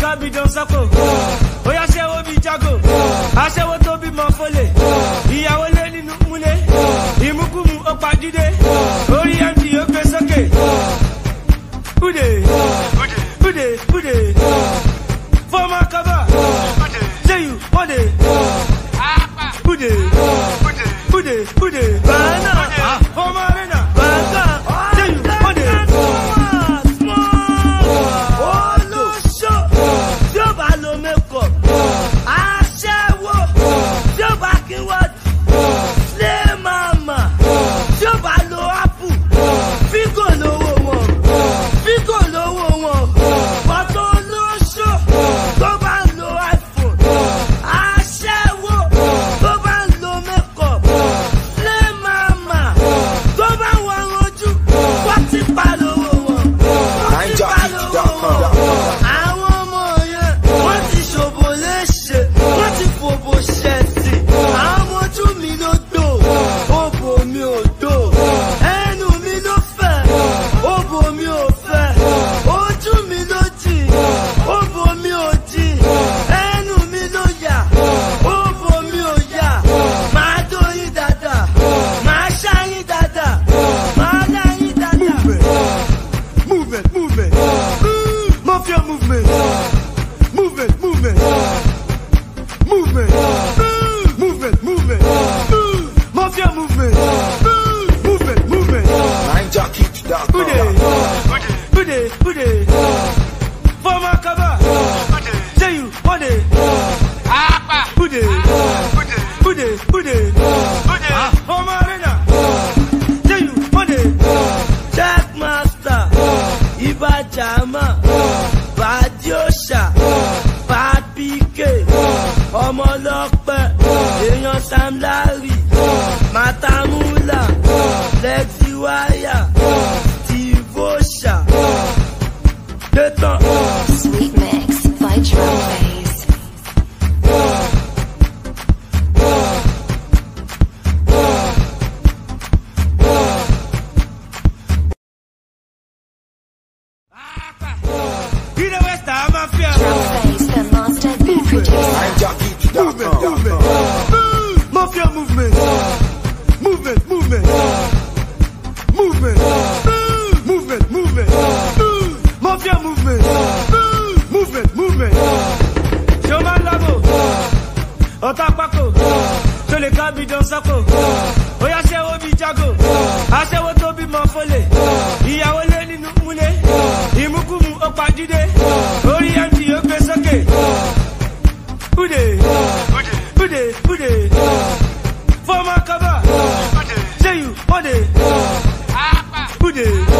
ká bí dán sọ́kò. bóyá ṣẹ́wó bi jago. aṣẹ́wó tó bímọ fọlẹ̀. ìyàwó lé nínú múlẹ̀. ìmúkùmù ó pàdídé. orí md ó gbé sókè. búdè búdè búdè. fọ́ọ̀mù akọ́bà. jẹ́yù wọ́dè. German bàdí òòṣà bad pk ọmọ èèyàn Sam Larry matamu lè ká bí dán sápò. Bóyá wo bí jágò. Aṣẹ́wó tó bí mọ fólè. Ìyàwó lé nínú múlé. Ìmúkùmù ó pa jíde. Orí MD ó gbé sókè. Búdè. Búdè. Búdè. Fọ́mọ kọ́bà. Ṣé yù? Bọ́dè. Búdè.